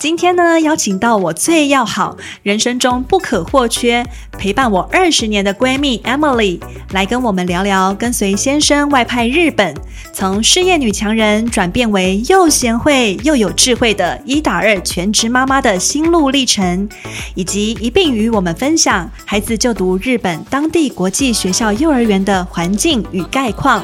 今天呢，邀請到我最要好、人生中不可或缺、陪伴我二十年的閨蜜 Emily 來跟我們聊聊跟隨先生外派日本，從事業女強人轉變為又賢惠又有智慧的一打二全職媽媽的心路歷程，以及一併與我們分享孩子就讀日本當地國際學校幼兒園的環境與概況。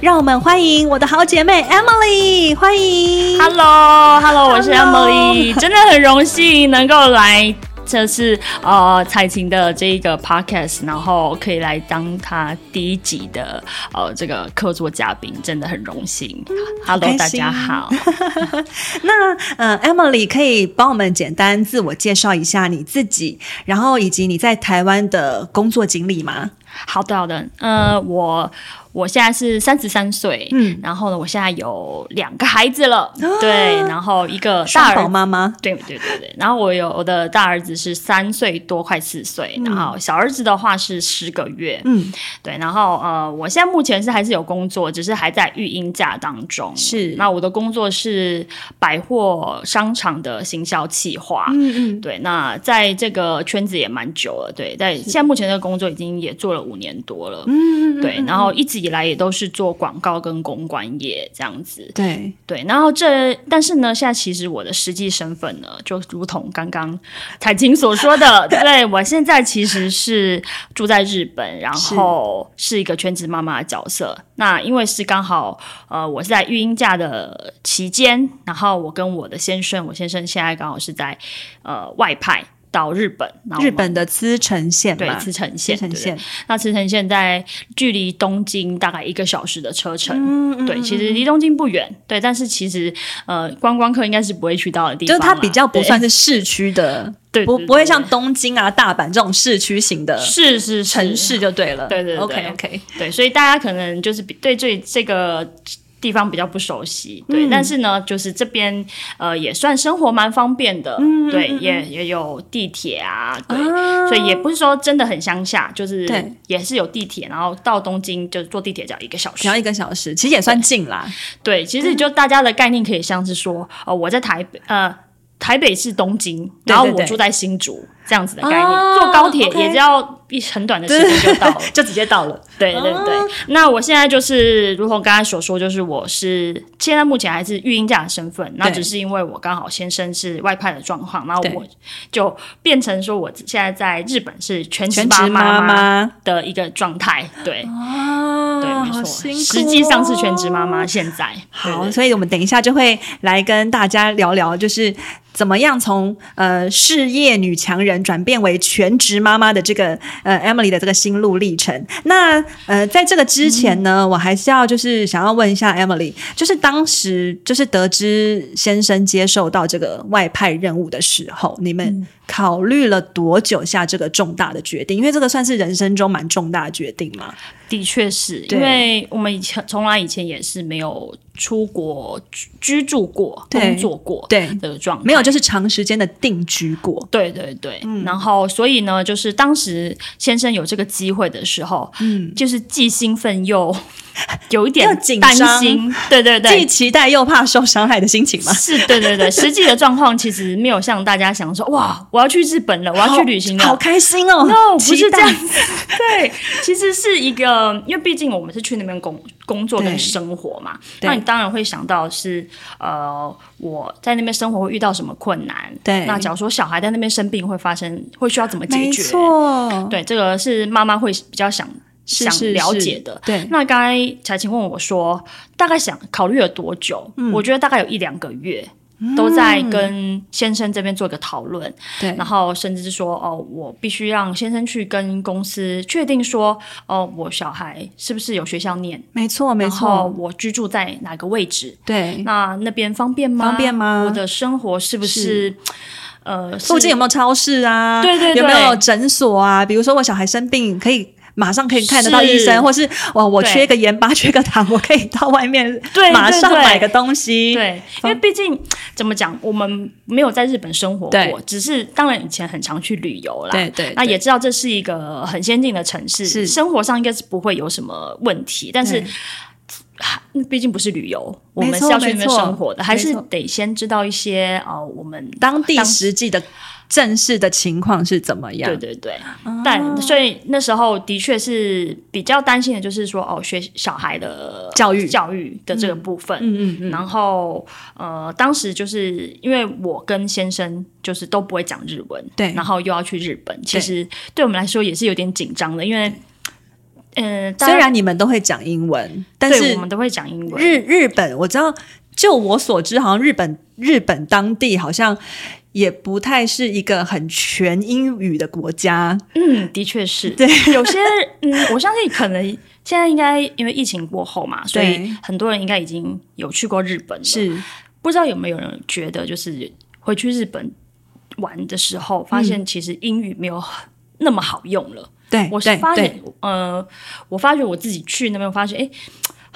讓我們歡迎我的好姐妹 Emily，歡迎。Hello，Hello，hello，我是 Emily。 真的很榮幸能夠來、就是，這是呃彩琴的這個 podcast，然後可以來當他第一集的呃這個客座嘉賓，真的很榮幸。Hello，大家好。 那呃，Emily 可以幫我們簡單自我介紹一下你自己，然後以及你在台灣的工作經歷嗎？好的好的，嗯、呃，我我現在是三十三歲，嗯，然後呢，我現在有兩個孩子了，嗯、對，然後一個大兒，雙寶媽媽，對對對對，然後我有我的大兒子是三歲多，快四歲，嗯、然後小兒子的話是十個月，嗯，對，然後呃，我現在目前是還是有工作，只是還在育嬰假當中，是，那我的工作是百貨商場的行銷企劃，嗯嗯，對，那在這個圈子也蠻久了，對，在現在目前這個工作已經也做了。五年多了，嗯，對，嗯、然後一直以來也都是做廣告跟公關業這樣子，對對，然後這但是呢，現在其實我的實際身份呢，就如同剛剛彩琴所說的， 對我現在其實是住在日本，然後是一個全職媽媽的角色。是那因為是剛好呃，我是在育嬰假的期間，然後我跟我的先生，我先生現在剛好是在呃外派。到日本，日本的茨城縣，對茨城縣，茨城縣。那茨城縣在距離東京大概一個小時的車程，嗯嗯，對，其實離東京不遠，嗯、對。但是其實，呃，觀光客應該是不會去到的地方，就是它比較不算是市區的，對，對不不會像東京啊、大阪這種市區型的，是是城市就對了，是是是 對對,對,對 OK OK，對，所以大家可能就是比對,對這這個。地方比較不熟悉，對，嗯、但是呢，就是這邊呃也算生活蠻方便的，嗯嗯嗯嗯對，也也有地鐵啊，對，啊、所以也不是說真的很鄉下，就是也是有地鐵，然後到東京就是坐地鐵只要一個小時，只要一個小時，其實也算近啦對，對，其實就大家的概念可以像是說，呃，我在台北，呃，台北是東京，然後我住在新竹。對對對。這樣子的概念，啊、坐高鐵也只要一很短的時間就到了，對就直接到了。對對對。啊、那我現在就是，如同剛才所說，就是我是現在目前還是育嬰假的身份，那只是因為我剛好先生是外派的狀況，那對我就變成說我現在在日本是全職媽媽的一個狀態。媽媽對，對，沒錯。哦、實際上是全職媽媽現在。對對對好，所以我們等一下就會來跟大家聊聊，就是怎麼樣從呃事業女強人。轉變為全職媽媽的這個呃，Emily 的這個心路歷程。那呃，在這個之前呢，嗯、我還是要就是想要問一下 Emily，就是當時就是得知先生接受到這個外派任務的時候，你們考慮了多久下這個重大的決定？因為這個算是人生中蠻重大的決定嘛。的確是對因為我們以前從來以前也是沒有。出國居住過、對工作過狀，對的狀沒有，就是長時間的定居過。對對對，嗯、然後所以呢，就是當時先生有這個機會的時候，嗯，就是既興奮又有一點擔心，對對對，既期待又怕受傷害的心情嘛。是，對對對，實際的狀況其實沒有像大家想說， 哇，我要去日本了，我要去旅行了，好，好開心哦，no, 待不是這樣，對，其實是一個，因為畢竟我們是去那邊工。工作跟生活嘛，那你當然會想到是，呃，我在那邊生活會遇到什麼困難？對，那假如說小孩在那邊生病會發生，會需要怎麼解決？沒錯。對，這個是媽媽會比較想是是是想了解的。是是對，那剛才才請問我說，大概想考慮了多久？嗯，我覺得大概有一兩個月。都在跟先生這邊做個討論，嗯，對，然後甚至是說哦，我必須讓先生去跟公司確定說，哦，我小孩是不是有學校念？沒錯，沒錯，然後我居住在哪個位置？對，那那邊方便嗎？方便嗎？我的生活是不是，是呃，附近有沒有超市啊？對，對對，有沒有診所啊？比如說我小孩生病可以。馬上可以看得到醫生，是或是哇，我缺個鹽巴，對缺個糖，我可以到外面馬上買個東西。對，對，對，對，對，因為畢竟怎麼講，我們沒有在日本生活過，對只是當然以前很常去旅遊啦。對，對對，那也知道這是一個很先進的城市，是生活上應該是不會有什麼問題。但是，對畢竟不是旅遊，我們是要去那邊生活的，還是得先知道一些啊、呃，我們當地實際的。正式的情況是怎麼樣？對對對，啊、但所以那時候的確是比較擔心的，就是說哦，學小孩的教育教育的這個部分，嗯嗯嗯，然後呃，當時就是因為我跟先生就是都不會講日文，對，然後又要去日本，對其實對我們來說也是有點緊張的，因為嗯，呃、雖然你們都會講英文，但是我們都會講英文。日日本，我知道，就我所知，好像日本日本當地好像。也不太是一個很全英語的國家，嗯，的確是，對， 有些，嗯，我相信可能現在應該因為疫情過後嘛，對所以很多人應該已經有去過日本了，是，不知道有沒有人覺得，就是回去日本玩的時候，嗯、發現其實英語沒有那麼好用了，對，我是發現，呃，我發覺我自己去那邊發現，哎。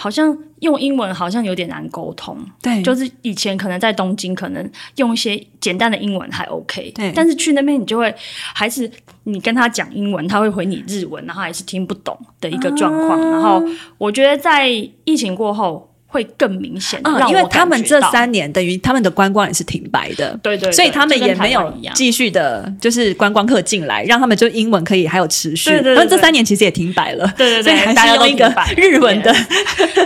好像用英文好像有點難溝通，對，就是以前可能在東京，可能用一些簡單的英文還 OK，對，但是去那邊你就會還是你跟他講英文，他會回你日文，然後還是聽不懂的一個狀況。嗯，然後我覺得在疫情過後，會更明顯，啊，因為他們這三年等於他們的觀光也是停擺的，對對，所以他們也沒有繼續的，就是觀光客進來，讓他們就英文可以還有持續，那這三年其實也停擺了，對對對，所以大家用一個日文的，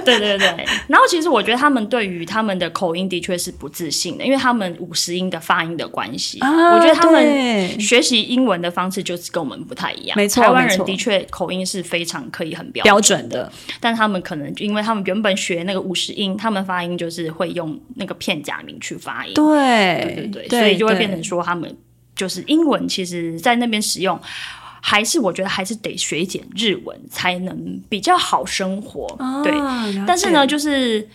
對對對。然後其實我覺得他們對於他們的口音的確是不自信的，因為他們五十音的發音的關係，我覺得他們學習英文的方式就是跟我們不太一樣，沒錯，台灣人的確口音是非常可以很標標準的，但他們可能就因為他們原本學那個五。適應他們發音，就是會用那個片假名去發音，對，對對對，對，所以就會變成說他們就是英文，其實，在那邊使用，還是我覺得還是得學一點日文才能比較好生活。哦、對，了解。但是呢，就是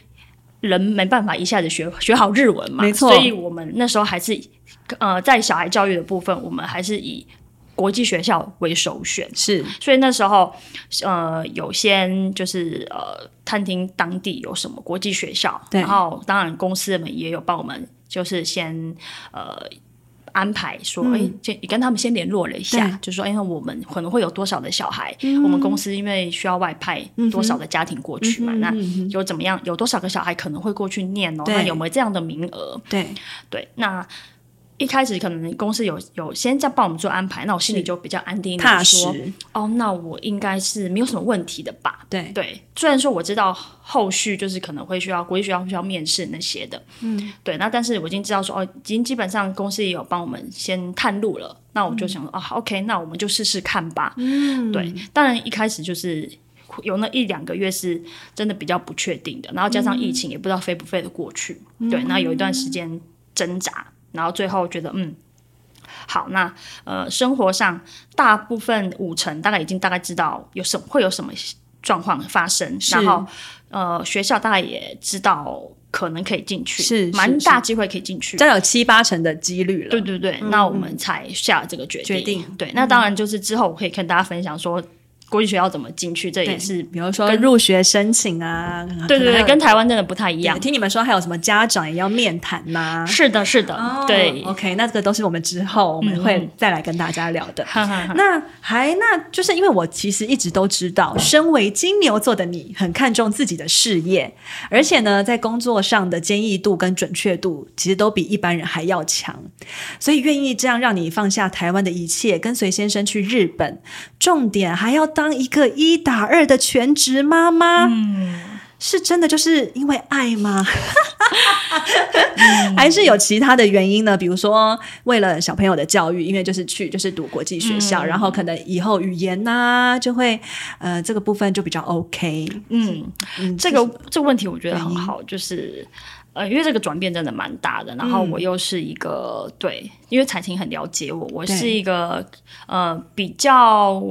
人沒辦法一下子學學好日文嘛，沒錯。所以我們那時候還是呃，在小孩教育的部分，我們還是以。國際學校為首選，是，所以那時候呃，有先就是呃，探聽當地有什麼國際學校，對然後當然公司們也有幫我們就是先呃安排說，哎、嗯，你、欸、跟他們先聯絡了一下，對就說哎、欸，那我們可能會有多少的小孩？嗯、我們公司因為需要外派多少的家庭過去嘛？嗯嗯嗯、那有怎麼樣？有多少個小孩可能會過去念哦？對那有沒有這樣的名額？對對，那。一開始可能公司有有先在幫我們做安排，那我心裡就比較安定，他是說踏實，哦，那我應該是沒有什麼問題的吧？對對，雖然說我知道後續就是可能會需要國際學校需要面試那些的，嗯，對。那但是我已經知道說哦，已經基本上公司也有幫我們先探路了，那我就想說、嗯啊、okay，那我們就試試看吧。嗯、對。當然一開始就是有那一兩個月是真的比較不確定的，然後加上疫情也不知道飛不飛得過去，嗯、對。那有一段時間掙扎。然後最後覺得嗯，好，那呃，生活上大部分五成大概已經大概知道有什麼會有什麼狀況發生，是然後呃，學校大概也知道可能可以進去，是，是蠻大機會可以進去，再有七八成的幾率了，對不對，對，對？嗯嗯，那我們才下這個決定，決定對，那當然就是之後我可以跟大家分享說。國際學校怎麼進去？這也是，比如說入學申請啊，對對對，跟台灣真的不太一樣。聽你們說還有什麼家長也要面談嗎、啊？是的，是的，是的、oh, 對。對，OK，那這個都是我們之後、嗯、我們會再來跟大家聊的。 那還那，那就是因為我其實一直都知道，身為金牛座的你，很看重自己的事業，而且呢，在工作上的堅毅度跟準確度，其實都比一般人還要強。所以願意這樣讓你放下台灣的一切，跟隨先生去日本，重點還要到。當一個一打二的全職媽媽，嗯、是真的，就是因為愛嗎？ 嗯、還是有其他的原因呢？比如說，為了小朋友的教育，因為就是去就是讀國際學校，嗯、然後可能以後語言吶、啊、就會呃這個部分就比較 OK。嗯，嗯嗯這個、就是、這問題我覺得很好，對就是呃，因為這個轉變真的蠻大的。然後我又是一個、嗯、對，因為彩情很了解我，我是一個對呃比較。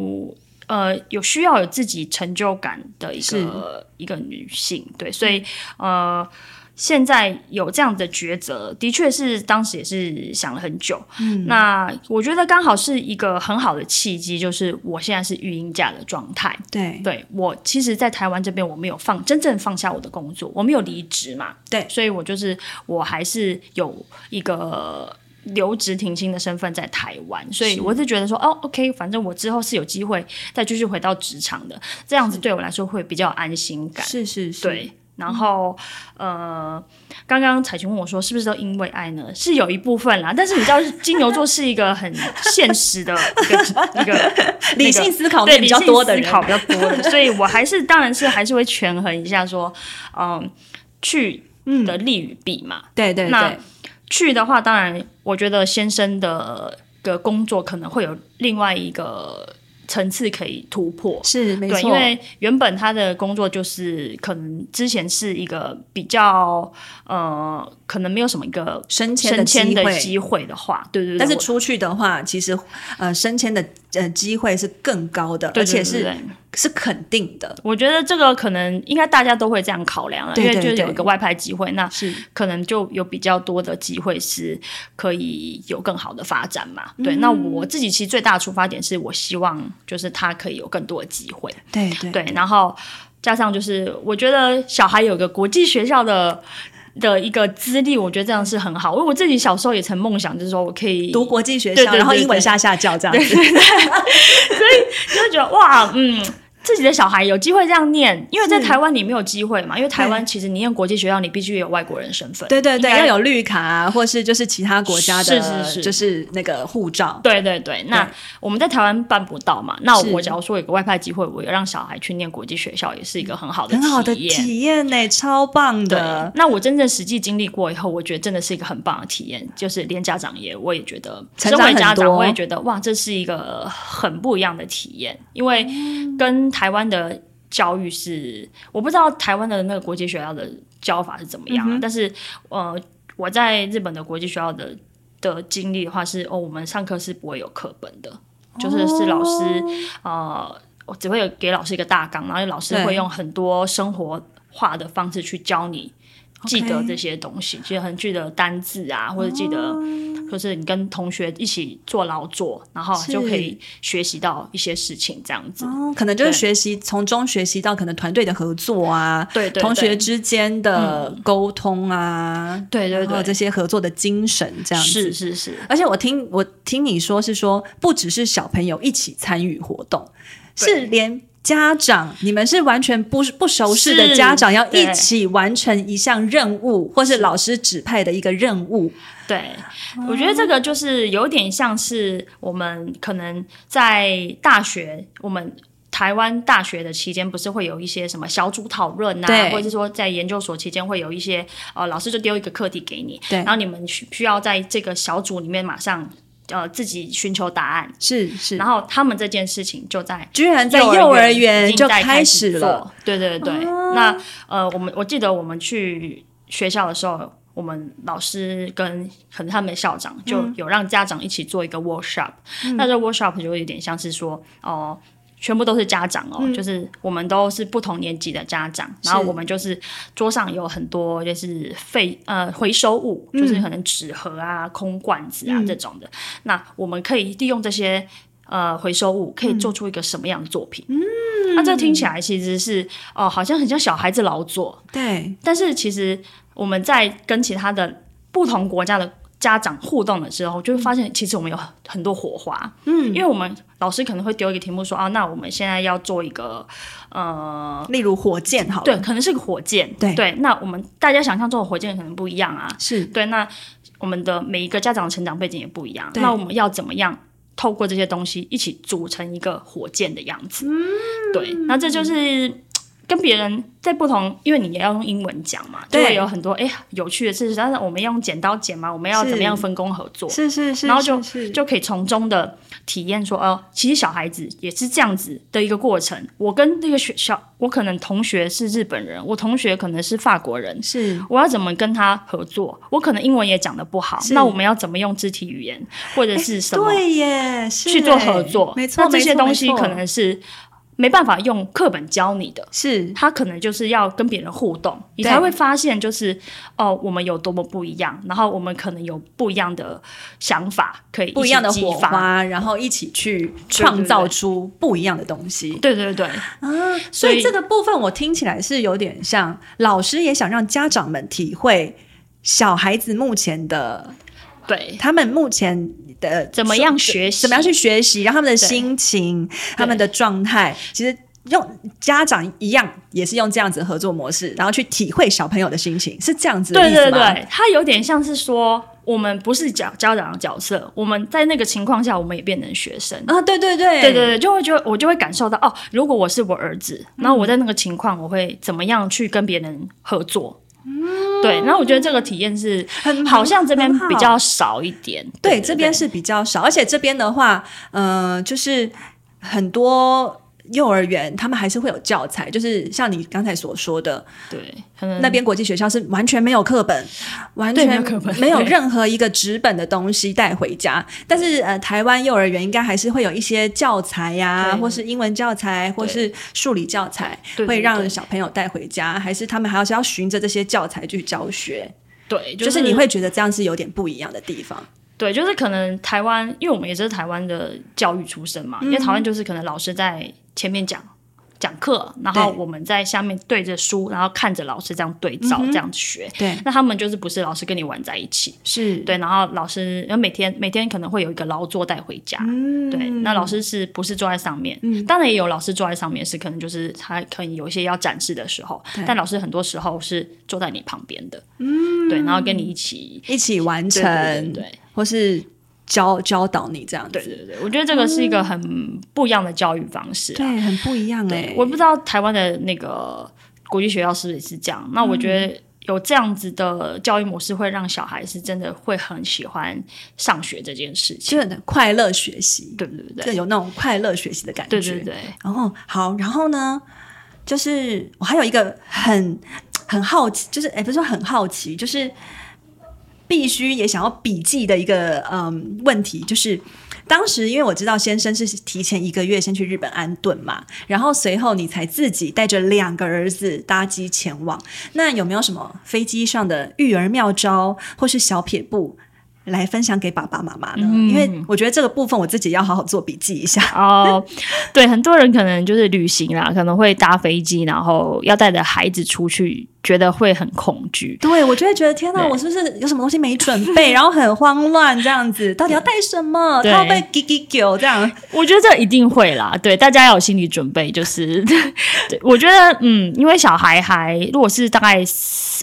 呃，有需要有自己成就感的一個是一個女性，對，所以、嗯、呃，現在有這樣的抉擇，的確是當時也是想了很久。嗯，那我覺得剛好是一個很好的契機，就是我現在是育嬰假的狀態。對，對我其實，在台灣這邊，我沒有放真正放下我的工作，我沒有離職嘛。對，所以我就是，我還是有一個。留職停薪的身份在台灣，所以我是覺得說是哦，OK，反正我之後是有機會再繼續回到職場的，這樣子對我來說會比較有安心感。是對是是，對。然後、嗯、呃，剛剛彩瓊問我說，是不是都因為愛呢？是有一部分啦，但是你知道，金牛座是一個很現實的一個理性思考比較多的人，對理性思考比較多的，所以我還是當然是還是會權衡一下說，嗯、呃，去的利與弊嘛。嗯、那對對對。去的話，當然，我覺得先生的個工作可能會有另外一個層次可以突破。是，沒錯。對，因為原本他的工作就是可能之前是一個比較呃，可能沒有什麼一個升遷的機會的話，的機會。對，對對。但是出去的話，其實呃，升遷的呃機會是更高的，對對對對，而且是。是肯定的，我覺得這個可能應該大家都會這樣考量了，對對對，因為就有一個外派機會，是那可能就有比較多的機會是可以有更好的發展嘛。嗯、對，那我自己其實最大的出發點是我希望就是他可以有更多的機會，對對，對，對。然後加上就是我覺得小孩有個國際學校的。的一個資歷，我覺得這樣是很好。因為我自己小時候也曾夢想，就是說我可以讀國際學校，對對對對，然後英文下下叫這樣子，所以就覺得哇，嗯。自己的小孩有機會這樣念，因為在台灣你沒有機會嘛，是因為台灣其實你念國際學校，你必須有外國人身份，對對對，要，要有綠卡啊，或是就是其他國家的，就是那個護照。是是是是對對對，對那我們在台灣辦不到嘛，是那我假如說有個外派機會，我要讓小孩去念國際學校，也是一個很好的體驗，很好的體驗呢，超棒的。那我真正實際經歷過以後，我覺得真的是一個很棒的體驗，就是連家長也我也覺得，身為家長我也覺得哇，這是一個很不一樣的體驗，因為跟、嗯台灣的教育是，我不知道台灣的那個國際學校的教法是怎麼樣，嗯、哼但是呃，我在日本的國際學校的的經歷的話是，哦，我們上課是不會有課本的，就是是老師、哦、呃，我只會有給老師一個大綱，然後老師會用很多生活化的方式去教你。Okay. 記得這些東西，記得很記得單字啊，哦、或者記得，就是你跟同學一起做勞作，是然後就可以學習到一些事情，這樣子、哦。可能就是學習，對從中學習到可能團隊的合作啊，對對對對同學之間的溝通啊，嗯、對，對，對對，對這些合作的精神，這樣子。是是是。而且我聽我聽你說是說，不只是小朋友一起參與活動，對是連。家長，你們是完全不不熟悉的家長，要一起完成一項任務，或是老師指派的一個任務。對，我覺得這個就是有點像是我們可能在大學，我們台灣大學的期間，不是會有一些什麼小組討論啊，對或者是說在研究所期間會有一些，呃，老師就丟一個課題給你，對然後你們需需要在這個小組裡面馬上。呃，自己尋求答案是、是，是，然後他們這件事情就在，在居然在幼兒園就開始了，對對對。哦、那，呃，我們，我記得我們去學校的時候，我們老師跟可能他們的校長就有讓家長一起做一個 workshop，那這、嗯、workshop 就有點像是說哦。呃全部都是家長哦，嗯、就是我們都是不同年級的家長，是然後我們就是桌上有很多就是廢呃回收物，嗯、就是可能紙盒啊、空罐子啊、嗯、這種的。那我們可以利用這些呃回收物，可以做出一個什麼樣的作品？嗯，那、啊、這聽起來其實是哦、呃，好像很像小孩子勞作，對。但是其實我們在跟其他的不同國家的家長互動的時候，就會發現其實我們有很多火花，嗯，因為我們。老師可能會丟一個題目說啊，那我們現在要做一個呃，例如火箭好了，好，對，可能是個火箭，對，對，那我們大家想象中的火箭可能不一樣啊，是，對，那我們的每一個家長的成長背景也不一樣，對那我們要怎麼樣透過這些東西一起組成一個火箭的樣子？嗯、對，那這就是。跟別人在不同，因為你也要用英文講嘛，對就會有很多哎、欸、有趣的事實。但是我們要用剪刀剪嘛，我們要怎麼樣分工合作？是是是，是是是，然後就就可以從中，的體驗說，呃，其實小孩子也是這樣子的一個過程。我跟那個學校，我可能同學是日本人，我同學可能是法國人，是我要怎麼跟他合作？我可能英文也講得不好，是那我們要怎麼用肢體語言或者是什麼？欸、對耶，是耶，去做合作，沒錯，那這些東西可能是。沒辦法用課本教你的，是他可能就是要跟別人互動，對你才會發現就是哦，我們有多麼不一樣，然後我們可能有不一樣的想法，可以一起激發不一樣的火花，然後一起去創造出不一樣的東西。對對對，對，啊，所以這個部分我聽起來是有點像老師也想讓家長們體會小孩子目前的。對，他們目前的怎麼樣學習？怎麼樣去學習？然後他們的心情、對他們的狀態，對其實用家長一樣，也是用這樣子的合作模式，然後去體會小朋友的心情，是這樣子的意思嗎，的對對對。他有點像是說，我們不是教家,家長的角色，我們在那個情況下，我們也變成學生啊！對對對對對對，就會覺得我就會感受到哦，如果我是我兒子，那、嗯、我在那個情況，我會怎麼樣去跟別人合作？對，然後我覺得這個體驗是，很好，像這邊比較少一點。對，對對這邊是比較少，而且這邊的話，呃，就是很多。幼兒園他們還是會有教材，就是像你剛才所說的，對，嗯、那邊國際學校是完全沒有課本，完全沒有任何一個紙本的東西帶回家。對但是呃，台灣幼兒園應該還是會有一些教材呀，啊，對或是英文教材，對或是數理教材，對對對，會讓小朋友帶回家，還是他們還是要循着這些教材去教學？對，就是、就是你會覺得這樣是有點不一樣的地方。對，就是可能台灣，因為我們也是台灣的教育出身嘛，因為台灣就是可能老師在前面講講課，然後我們在下面對着書，然後看着老師這樣對照這樣學。對，那他們就是不是老師跟你玩在一起，是對，然後老師因為每天每天可能會有一個勞作帶回家。對，那老師是不是坐在上面？當然也有老師坐在上面，是可能就是他可以有一些要展示的時候，但老師很多時候是坐在你旁邊的。嗯，對，然後跟你一起一起完成。對。或是教教導你這樣子，對對對，我覺得這個是一個很不一樣的教育方式，啊嗯，對，很不一樣哎、欸。我不知道台灣的那個國際學校是不是也是這樣？嗯、那我覺得有這樣子的教育模式，會讓小孩是真的會很喜歡上學這件事情，就很快樂學習，對，對對對，有那種快樂學習的感覺，對對，對，對，然後好，然後呢，就是我，哦，還有一個很很好奇，就是哎、欸，不是說很好奇，就是。必須也想要筆記的一個嗯，問題，就是當時因為我知道先生是提前一個月先去日本安頓嘛，然後隨後你才自己帶着兩個兒子搭機前往。那有沒有什麼飛機上的育兒妙招或是小撇步來分享給爸爸媽媽呢？嗯。因為我覺得這個部分我自己要好好做筆記一下哦。對，很多人可能就是旅行啦，可能會搭飛機，然後要帶着孩子出去。覺得會很恐懼，對，我就會覺得天哪，對我是不是有什麼東西沒準備， 然後很慌亂這樣子？到底要帶什麼？他要對被給給狗這樣？我覺得這一定會啦，對，大家要有心理準備。就是對，我覺得，嗯，因為小孩還如果是大概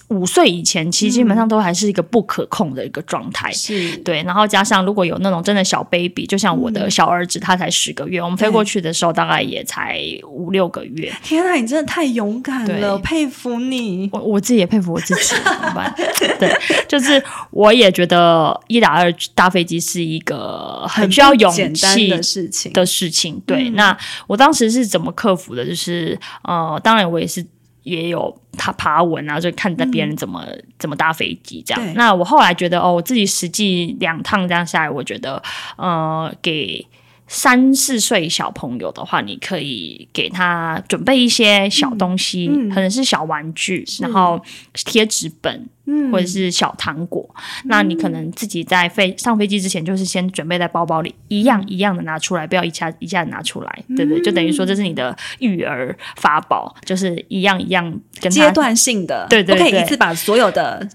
五歲以前，其實基本上都還是一個不可控的一個狀態，是、嗯。對，然後加上如果有那種真的小 baby，就像我的小兒子，嗯、他才十個月，我們飛過去的時候對大概也才五六個月。天哪，你真的太勇敢了，對佩服你！我我自己也佩服我自己， 對，就是我也覺得一打二搭飛機是一個很需要勇氣的事情的事情。對，嗯、那我當時是怎麼克服的？就是呃，當然我也是也有他爬文啊，就看著別人怎麼、嗯、怎麼搭飛機這樣。對那我後來覺得哦，我自己實際兩趟這樣下來，我覺得呃給。三四歲小朋友的話，你可以給他準備一些小東西，嗯嗯、可能是小玩具，是然後貼紙本，嗯、或者是小糖果。嗯、那你可能自己在飛上飛機之前，就是先準備在包包裡，一樣一樣的拿出來，不要一下一下子拿出來，嗯、對不對？對對對，就等於說這是你的育兒法寶，就是一樣一樣跟他，跟階段性的，對對對對對，不可以一次把所有的。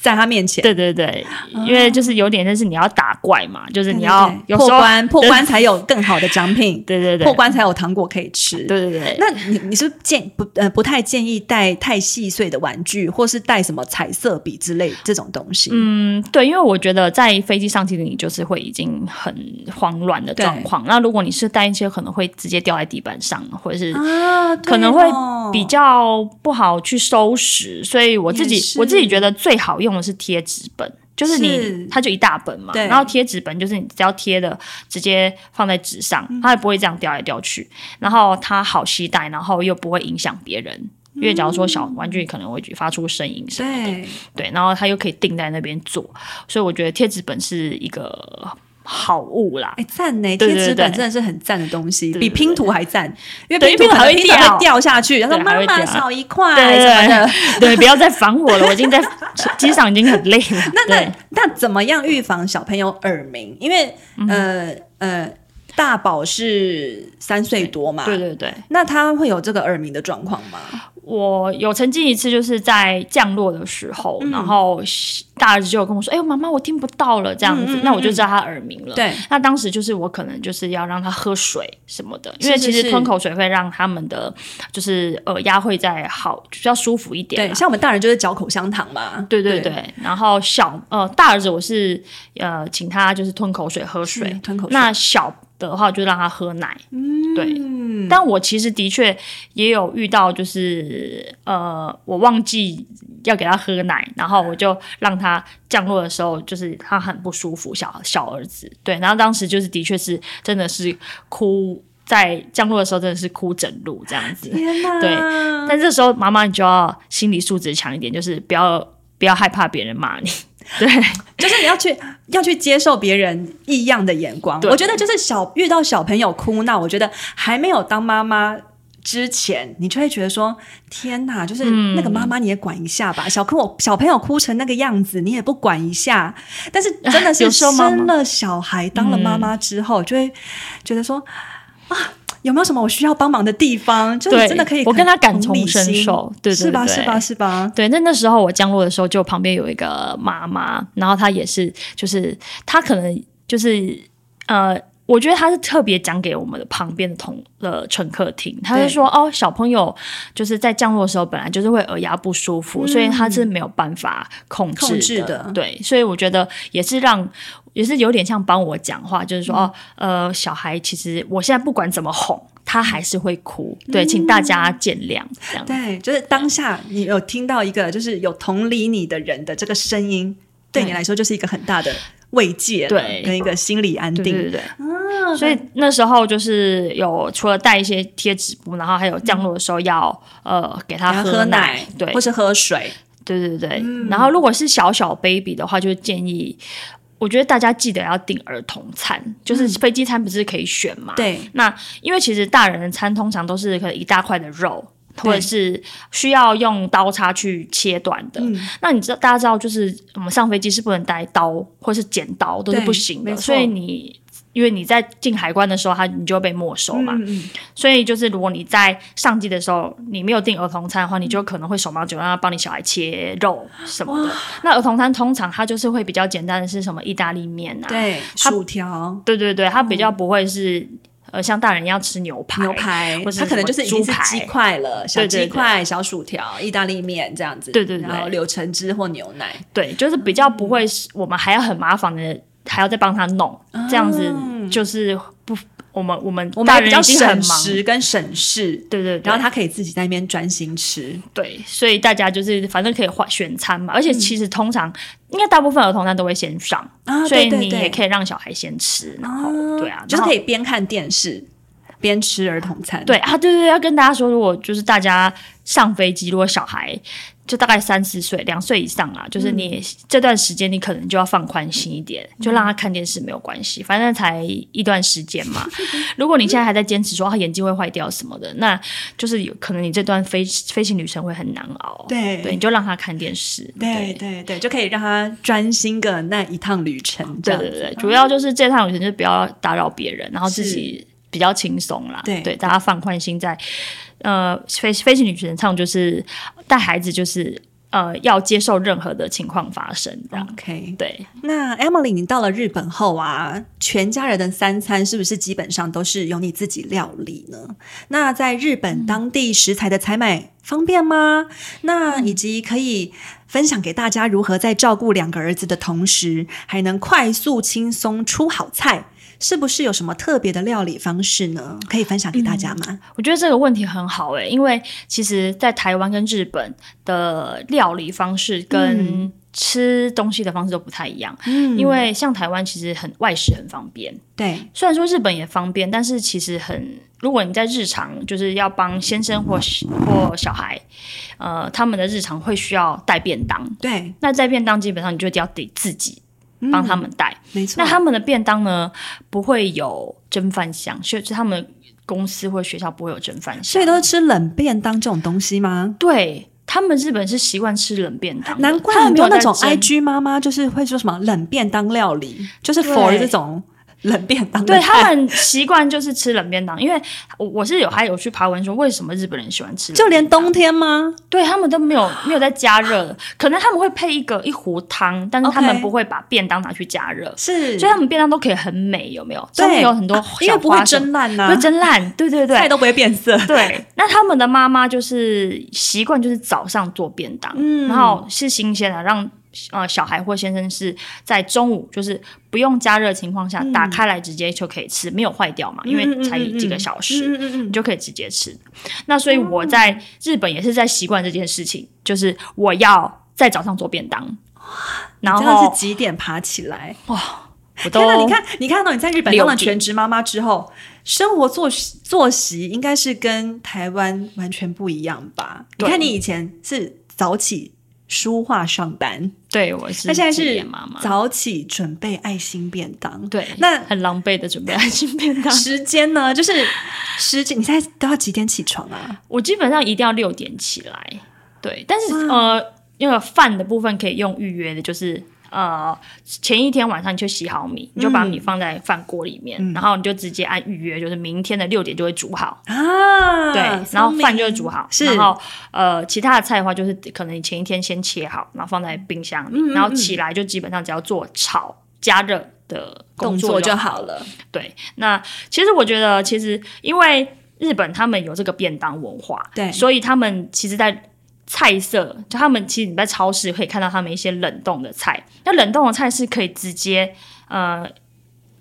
在他面前，對對對，因為就是有點，就是你要打怪嘛，哦、就是你要有對對對破關，破關才有更好的獎品，對對對，破關才有糖果可以吃，對對對。那你你是，不是建不呃不太建議帶太細碎的玩具，或是帶什麼彩色筆之類這種東西，嗯，對，因為我覺得在飛機上其實你就是會已經很慌亂的狀況，對那如果你是帶一些可能會直接掉在地板上，或者是可能會比較不好去收拾，啊哦、所以我自己是我自己覺得最好用。用的是貼紙本，就是你，是它就一大本嘛。對然後貼紙本就是你只要貼了，直接放在紙上，它也不會這樣掉來掉去。嗯、然後它好攜帶，然後又不會影響別人，嗯、因為假如說小玩具可能會發出聲音什麼的。對，對，然後它又可以定在那邊做，所以我覺得貼紙本是一個。好物啦！哎，讚呢！貼紙本真的是很讚的東西，比拼圖還讚，因為拼圖很容易掉，掉下去。然後媽媽少一塊什麼的，對對，不要再防我了，我已經在機場已經很累了。那那那，怎麼樣預防小朋友耳鳴？因為呃呃，大寶是三歲多嘛，對對對，那他會有這個耳鳴的狀況嗎？我有曾經一次就是在降落的時候，嗯、然後大兒子就跟我說：“哎呦，媽媽，我聽不到了。”這樣子，嗯嗯嗯，那我就知道他耳鳴了。對，那當時就是我可能就是要讓他喝水什麼的，是是是因為其實吞口水會讓他們的就是耳壓會再好，比較舒服一點。對，像我們大人就是嚼口香糖嘛。對對對，對然後小呃大兒子我是呃請他就是吞口水喝水，吞口水。那小。的，的話我就讓他喝奶，嗯、對。但我其實的確也有遇到，就是呃，我忘記要給他喝奶，然後我就讓他降落的時候，就是他很不舒服，小小兒子，對。然後當時就是的確是真的是哭，在降落的時候真的是哭整路這樣子，天哪！對。但這時候媽媽，你就要心理素質強一點，就是不要不要害怕別人罵你。對，就是你要去要去接受別人異樣的眼光。對我覺得就是小遇到小朋友哭鬧，我覺得還沒有當媽媽之前，你就會覺得說：“天哪！”就是那個媽媽你也管一下吧。嗯、小朋友小朋友哭成那個樣子，你也不管一下。但是真的是生了小孩，啊、媽媽當了媽媽之後，嗯、就會覺得說：“啊。”有沒有什麼我需要幫忙的地方？就是、你真的可以，我跟他感同身受，對對對，是吧？是吧？是吧？對，那那時候我降落的時候，就旁邊有一個媽媽，然後她也是，就是她可能就是呃。我覺得他是特別講給我們的旁邊的同的乘客聽，他就說對哦，小朋友就是在降落的時候，本來就是會耳壓不舒服，嗯、所以他是沒有辦法控制的。控制的對，所以我覺得也是讓也是有點像幫我講話，就是說、嗯、哦，呃，小孩其實我現在不管怎麼哄，他還是會哭。對，請大家見諒。嗯、這樣對，就是當下你有聽到一個就是有同理你的人的這個聲音，對你來說就是一個很大的。慰藉，對，跟一個心理安定，對對、對、對、嗯、所以那時候就是有除了帶一些貼紙布，然後還有降落的時候要、嗯、呃給他喝奶，喝奶對，或是喝水，對對對，嗯、然後如果是小小 baby 的話，就建議我覺得大家記得要訂兒童餐，就是飛機餐不是可以選嘛？對、嗯，那因為其實大人的餐通常都是可能一大塊的肉。或者是需要用刀叉去切斷的，對那你知道大家知道，就是我們上飛機是不能帶刀或是剪刀都是不行的，所以你因為你在進海關的時候，它你就會被沒收嘛。嗯、所以就是如果你在上機的時候，你沒有訂兒童餐的話，你就可能會手忙腳亂要幫你小孩切肉什麼的。哇那兒童餐通常它就是會比較簡單的是什麼意大利麵啊，對，它薯條條，對對對，它比較不會是。呃，像大人一樣吃牛排，牛排，或是排他可能就是已經是雞塊了，對對對小雞塊、對對對小薯條、意大利麵這樣子，對對對，然後柳橙汁或牛奶，對，就是比較不會，我們還要很麻煩的，還要再幫他弄，嗯、這樣子就是不。我們我們大人我們比較省時跟省事，對，對對。然後他可以自己在那邊專心吃，對，對，對，對。所以大家就是反正可以選餐嘛，嗯、而且其實通常，應該大部分兒童餐都會先上，啊、所以你也可以讓小孩先吃，啊、然後對啊，就是可以邊看電視邊、嗯、然後吃兒童餐。對啊，對對對，要跟大家說，如果就是大家上飛機，如果小孩。就大概三四歲，兩歲以上啊，就是你這段時間你可能就要放寬心一點，嗯、就讓他看電視沒有關係，反正才一段時間嘛。 如果你現在還在堅持說他、啊、眼睛會壞掉什麼的，那就是有可能你這段飛飛行旅程會很難熬。對對，你就讓他看電視。對對對,對，就可以讓他專心的那一趟旅程。對對對，主要就是這趟旅程就不要打擾別人，然後自己。比較輕鬆啦，對，對大家放寬心在，在對呃飛飛行女神唱就是帶孩子就是呃要接受任何的情況發生，OK，對。那 Emily，你到了日本後啊，全家人的三餐是不是基本上都是由你自己料理呢？那在日本當地食材的採買方便嗎？嗯、那以及可以分享給大家如何在照顧兩個兒子的同時，還能快速輕鬆出好菜？是不是有什麼特別的料理方式呢？可以分享給大家嗎？嗯，我覺得這個問題很好誒、欸，因為其實，在台灣跟日本的料理方式跟吃東西的方式都不太一樣。嗯，因為像台灣其實很外食很方便，對。雖然說日本也方便，但是其實很，如果你在日常就是要幫先生或或小孩，呃，他們的日常會需要帶便當。對，那帶便當基本上你就得要得自己。幫他們帶，嗯，沒錯。那他們的便當呢？不會有蒸飯箱，所以他們公司或學校不會有蒸飯箱。所以都是吃冷便當這種東西嗎？對，他們日本是習慣吃冷便當，難怪很多有有那種 IG 媽媽就是會說什麼冷便當料理，就是 for 這種。冷便當，對，他們習慣就是吃冷便當，因為我我是有還有去爬文說為什麼日本人喜歡吃，就連冬天嗎？對，他們都沒有沒有再加熱，可能他們會配一個一壺湯，但是他們不會把便當拿去加熱，是，所以他們便當都可以很美，有沒有？都沒有很多，因為不會蒸爛呢，不會蒸爛，對對對，菜都不會變色，對。那他們的媽媽就是習慣就是早上做便當，嗯，然後是新鮮的讓。呃，小孩或先生是在中午，就是不用加熱的情況下打開來直接就可以吃，嗯、沒有壞掉嘛？因為才幾個小時，嗯、你就可以直接吃。嗯、那所以我在日本也是在習慣這件事情，就是我要在早上做便當，然後真的是幾點爬起來？哇！哦、我都天哪，你看你看到、哦、你在日本當了全職媽媽之後，生活作息作息應該是跟台灣完全不一樣吧？對你看你以前是早起。書畫上班，對，我是媽媽。他現在是早起準備愛心便當，對，那很狼狽的準備愛心便當對。時間呢？ 就是時間，你現在都要幾點起床啊？我基本上一定要六點起來，對。但是哇呃，因為飯的部分可以用預約的，就是。呃，前一天晚上你就洗好米，嗯、你就把米放在飯鍋裡面，嗯、然後你就直接按預約，就是明天的六點就會煮好啊。對，方便，然後飯就會煮好。是，然後呃，其他的菜的話，就是可能你前一天先切好，然後放在冰箱裡，嗯、然後起來就基本上只要做炒、加熱的工作，動作，就好了。對，那其實我覺得，其實因為日本他們有這個便當文化，對，所以他們其實，在菜色，就他們其實你在超市可以看到他們一些冷凍的菜。那冷凍的菜是可以直接，呃，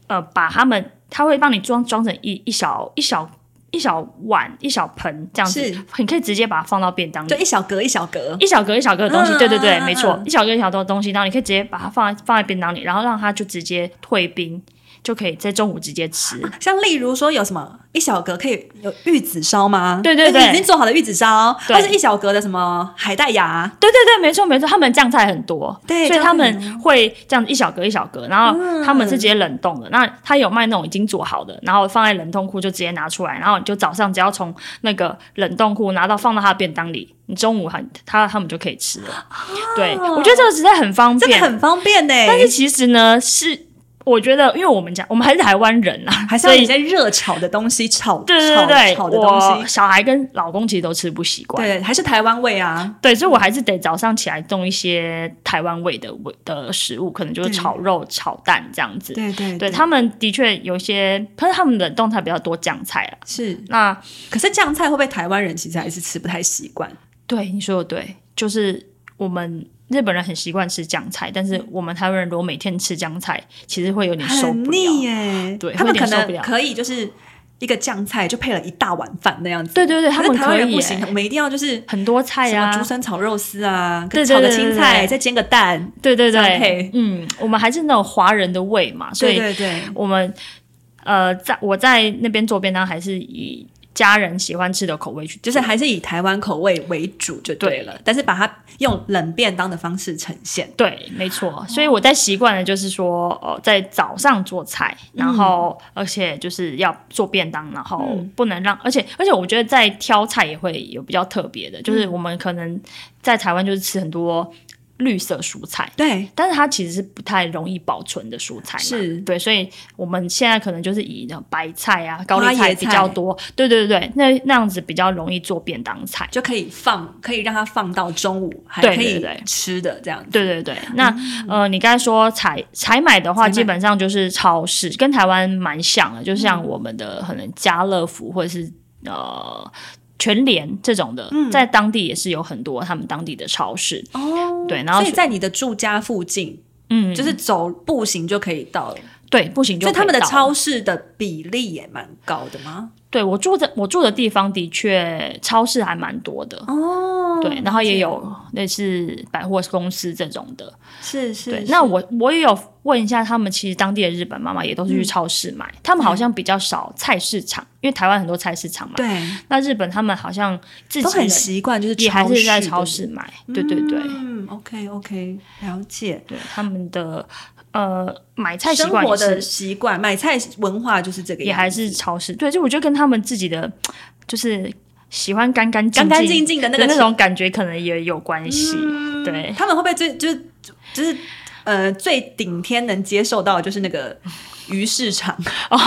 呃，把他們他會幫你裝裝成一一小一小一小碗一小盆這樣子，是你可以直接把它放到便當裡，就一小格一小格，一小格一小格的東西，嗯、對對對，沒錯，嗯、一小格一小格的東西，然後你可以直接把它放在放在便當裡，然後讓它就直接退冰。就可以在中午直接吃，啊、像例如說有什麼一小格可以有玉子燒嗎？對對對，已經做好的玉子燒，或對是一小格的什麼海帶芽？對對對，沒錯沒錯，他們醬菜很多，對，所以他們會這樣子一小格一小格，然後他們是直接冷凍的，嗯、那他有賣那種已經做好的，然後放在冷凍庫就直接拿出來，然後你就早上只要從那個冷凍庫拿到放到他的便當裡，你中午很，他他們就可以吃了。哇對，我覺得這個實在很方便，很方便呢、欸。但是其實呢是。我覺得，因為我們家我們還是台灣人啊，還是有一些熱炒的東西炒，以對，對對對，炒炒的東西。我小孩跟老公其實都吃不習慣，對，還是台灣味啊，對，所以我還是得早上起來做一些台灣味的味的食物，可能就是炒肉、對炒蛋這樣子，對對對，對，對，他們的確有些，可是他們冷凍菜比較多醬菜啊。是那可是醬菜會不會，台灣人其實還是吃不太習慣？對你說的對，就是我們。日本人很習慣吃醬菜，但是我們台灣人如果每天吃醬菜，其實會有點受不了。很膩哎、欸，對，他們可能可以就是一個醬菜就配了一大碗飯那樣子。對對對，他們可、欸、台灣人不行，我、啊、們一定要就是很多菜呀，竹筍炒肉絲啊，對對對對，炒個青菜，對對對對，再煎個蛋。對對對，配，嗯，我們還是那種華人的胃嘛，所以對，對對，我們呃，在我在那邊做便當還是以。家人喜歡吃的口味去，就是還是以台灣口味為主就對了。對，但是把它用冷便當的方式呈現，對，沒錯。所以我在習慣了，就是說，哇呃，在早上做菜，然後、嗯、而且就是要做便當，然後不能讓，嗯、而且而且我覺得在挑菜也會有比較特別的，就是我們可能在台灣就是吃很多。綠色蔬菜，對，但是它其實是不太容易保存的蔬菜，是，對，所以我們現在可能就是以白菜啊、高麗菜比較多，對對對對，那那樣子比較容易做便當菜，就可以放，可以讓它放到中午還可以對對對吃的這樣子，對對對。那、嗯、呃，你剛才說採採買的話，採買，基本上就是超市，跟台灣蠻像的，就像我們的、嗯、可能家樂福或者是呃。全聯這種的，嗯、在當地也是有很多他們當地的超市。哦，對，然後所以在你的住家附近，嗯，就是走步行就可以到了。對，步行就可以到。所以他們的超市的比例也蠻高的嗎？對，我住的，我住的地方，的確超市還蠻多的。哦。對，然後也有類似百貨公司這種的，是是,是。對，那我我也有問一下他們，其實當地的日本媽媽也都是去超市買，嗯、他們好像比較少菜市場，因為台灣很多菜市場嘛。對。那日本他們好像自己都很習慣，就是也還是在超市買。對,對對對。嗯，OK OK，了解。對他們的呃買菜習慣生活的習慣，買菜文化就是這個樣子，也還是超市。對，就我覺得跟他們自己的就是。喜歡乾乾乾乾淨淨的那個那種感覺，可能也有關係。嗯、對，他們會不會最就是就是呃最頂天能接受到的就是那個魚市場？哦，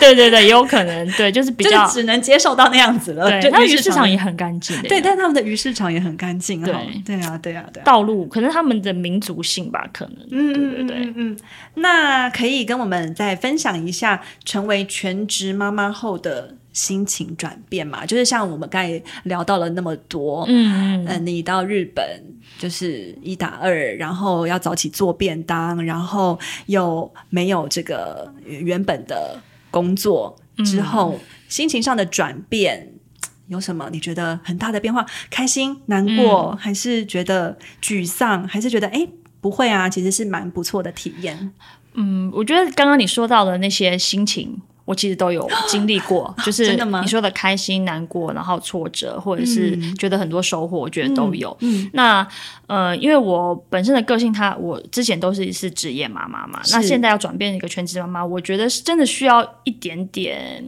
對對對，也有可能。對，就是比較就是只能接受到那樣子了。對，那魚，魚市場也很乾淨。對，但他們的魚市場也很乾淨。對，對、啊，對啊，對啊，對啊，道路可是他們的民族性吧，可能。嗯、對對對。嗯嗯。那可以跟我們再分享一下成為全職媽媽後的。心情轉變嘛，就是像我們剛才聊到了那麼多，嗯嗯，你到日本就是一打二，然後要早起做便當，然後又沒有這個原本的工作，之後、嗯、心情上的轉變有什麼你覺得很大的變化？開心、難過，還是覺得沮喪？還是覺得哎、嗯欸、不會啊？其實是蠻不錯的體驗。嗯，我覺得剛剛你說到的那些心情。我其實都有經歷過，啊、就是你說的開心、難過，啊、然後挫折，或者是覺得很多收穫，嗯、我覺得都有。嗯嗯、那呃，因為我本身的個性它，它我之前都是一是職業媽媽嘛，是那現在要轉變一個全職媽媽，我覺得是真的需要一點點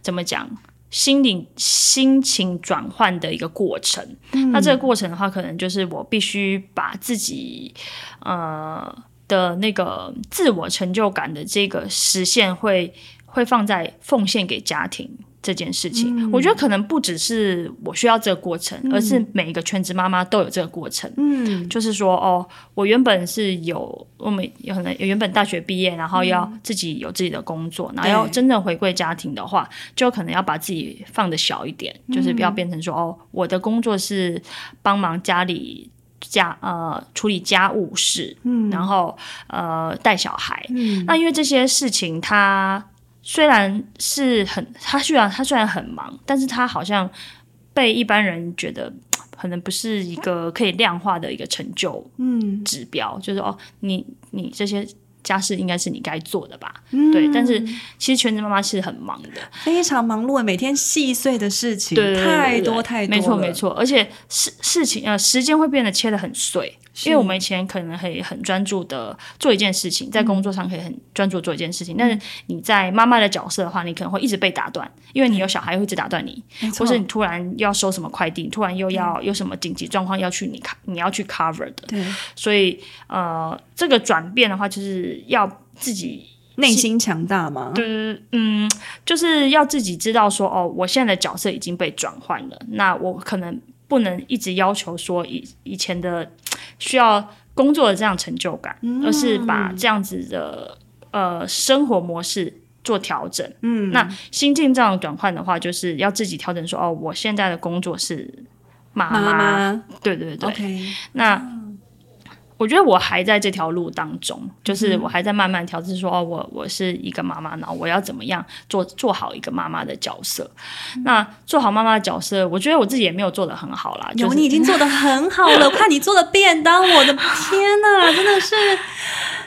怎麼講，心理心情轉換的一個過程。嗯、那這個過程的話，可能就是我必須把自己呃的那個自我成就感的這個實現會。會放在奉獻給家庭這件事情，嗯、我覺得可能不只是我需要這個過程，嗯、而是每一個全職媽媽都有這個過程。嗯，就是說哦，我原本是有我們可能有原本大學畢業，然後要自己有自己的工作，嗯、然後要真正回歸家庭的話，對就可能要把自己放得小一點，就是不要變成說、嗯、哦，我的工作是幫忙家裡家呃處理家務事，嗯，然後呃帶小孩，嗯，那因為這些事情它。雖然是很，他雖然他雖然很忙，但是他好像被一般人覺得可能不是一個可以量化的一個成就，嗯，指標就是哦，你你這些家事應該是你該做的吧，嗯、對。但是其實全職媽媽是很忙的，非常忙碌，每天細碎的事情太多、嗯、太多，沒錯沒錯，而且事事情啊，時間會變得切得很碎。因為我們以前可能可以很專注的做一件事情，在工作上可以很專注做一件事情，嗯、但是你在媽媽的角色的話，你可能會一直被打斷，因為你有小孩會一直打斷你，對或是你突然要收什麼快遞，突然又要、嗯、有什麼緊急狀況要去你，你要去 cover 的。對，所以呃，這個轉變的話，就是要自己內心強大嘛。對、就是，嗯，就是要自己知道說，哦，我現在的角色已經被轉換了，那我可能。不能一直要求說以以前的需要工作的這樣的成就感，嗯，而是把這樣子的呃生活模式做調整。嗯，那心境這樣轉換的話，就是要自己調整說哦，我現在的工作是媽媽，媽媽，對對對，OK，那。我覺得我還在這條路當中，就是我還在慢慢調試，說我、嗯、我是一個媽媽，然後我要怎麼樣做做好一個媽媽的角色。嗯、那做好媽媽的角色，我覺得我自己也沒有做得很好啦。有就是、你已經做得很好了， 我看你做的便當，我的天哪，真的是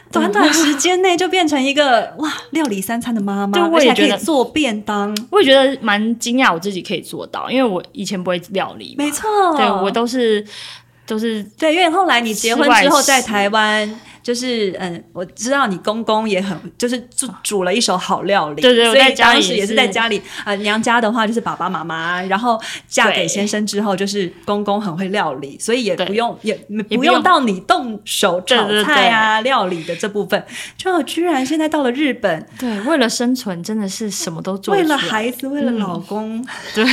短短時間內就變成一個、嗯、哇，料理三餐的媽媽，對而且可以做便當，我也覺得蠻驚訝我自己可以做到，因為我以前不會料理，沒錯，對我都是。就是對，因為後來你結婚之後在台灣。就是嗯，我知道你公公也很，就是煮煮了一手好料理。對對，在所以當時也是在家裡啊、呃，娘家的話就是爸爸媽媽，然後嫁給先生之後，就是公公很會料理，所以也不用對也不用，也不用到你動手炒菜啊、對對對對料理的這部分。就居然現在到了日本，對，為了生存真的是什麼都做。為了孩子，為了老公、嗯，對，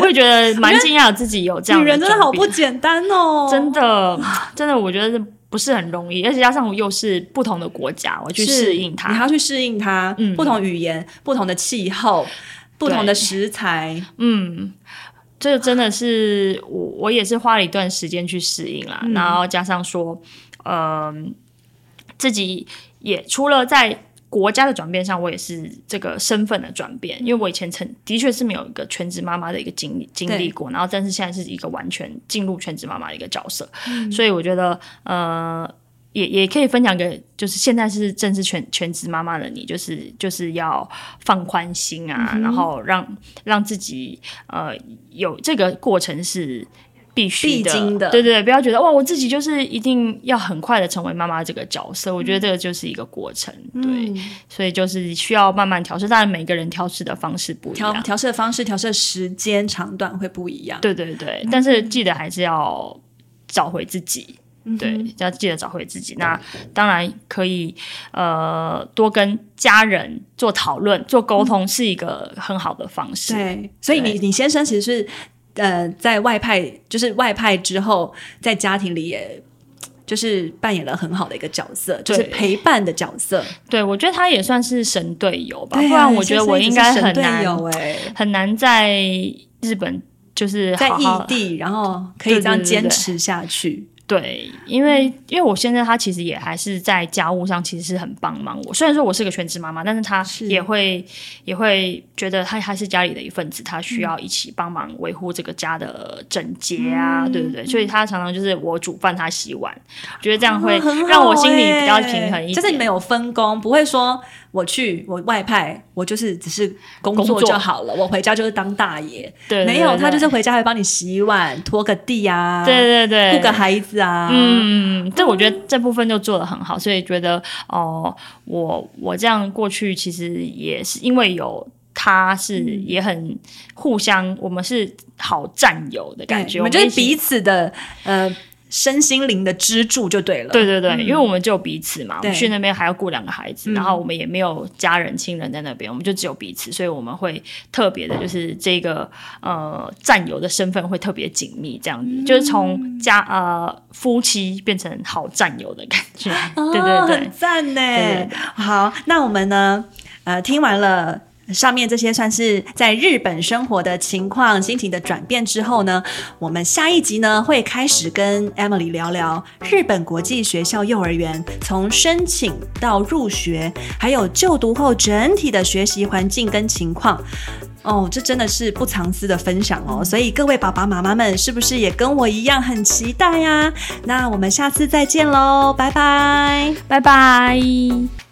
我也覺得蠻驚訝自己有這樣的。女人真的好不簡單哦，真的 真的，真的我覺得。是。不是很容易，而且加上我又是不同的國家，我去適應它，你要去適應它，嗯、不同語言、不同的氣候、不同的食材，嗯，這真的是我，哇我也是花了一段時間去適應啦、啊。嗯、然後加上說，嗯、呃，自己也除了在。國家的轉變上，我也是這個身份的轉變，因為我以前曾的確是沒有一個全職媽媽的一個經歷、經歷過，對然後但是現在是一個完全進入全職媽媽的一個角色，嗯、所以我覺得呃，也也可以分享給就是現在是正是全全職媽媽的你，就是就是要放寬心啊，嗯、哼然後讓讓自己呃有這個過程是。必須的，必的對，對對，不要覺得哇，我自己就是一定要很快的成為媽媽這個角色。嗯、我覺得這個就是一個過程，對，嗯、所以就是需要慢慢調試。當然，每個人調試的方式不一樣，調試的方式、調試時間長短會不一樣。對對對，嗯、但是記得還是要找回自己，嗯、哼對，要記得找回自己。對對對，那當然可以，呃，多跟家人做討論、做溝通是一個很好的方式。嗯、對，所以你對你先生其實是。呃，在外派就是外派之後，在家庭裡也就是扮演了很好的一個角色，對就是陪伴的角色。對，我覺得他也算是神隊友吧，啊、不然我覺得我應該很難是神隊友耶，很難在日本，就是好好的在異地，然後可以這樣堅持下去。對對對對對，因為因為我先生他其實也還是在家務上，其實是很幫忙我。雖然說我是個全職媽媽，但是他也會是也會覺得他還是家裡的一份子，他需要一起幫忙維護這個家的整潔啊，嗯、對不對？嗯、所以他常常就是我煮飯，他洗碗，覺、就、得、是、這樣會讓我心裡比較平衡一點。哦欸、就是你們有分工，不會說。我去，我外派，我就是只是工作就好了。作我回家就是當大爺，對，對，對，沒有他就是回家還幫你洗碗、拖個地啊，對對對，顧個孩子啊。嗯，這我覺得這部分就做得很好，嗯、所以覺得哦、呃，我我這樣過去其實也是因為有他，是也很互相，嗯、我們是好戰友的感覺。對我們就是彼此的呃。身心靈的支柱就對了。對對對，嗯、因為我們就彼此嘛，對我們去那邊還要顧兩個孩子，然後我們也沒有家人親人在那邊，嗯、我們就只有彼此，所以我們會特別的，就是這個、哦、呃戰友的身份會特別緊密，這樣子、嗯、就是從家呃夫妻變成好戰友的感覺。哦、對對對，讚呢。對對對對。好，那我們呢？呃，聽完了。上面這些算是在日本生活的情況、心情的轉變之後呢，我們下一集呢會開始跟 Emily 聊聊日本國際學校幼兒園從申請到入學，還有就讀後整體的學習環境跟情況。哦，這真的是不藏私的分享哦，所以各位爸爸媽媽們是不是也跟我一樣很期待呀？那我們下次再見嘍，拜拜，拜拜。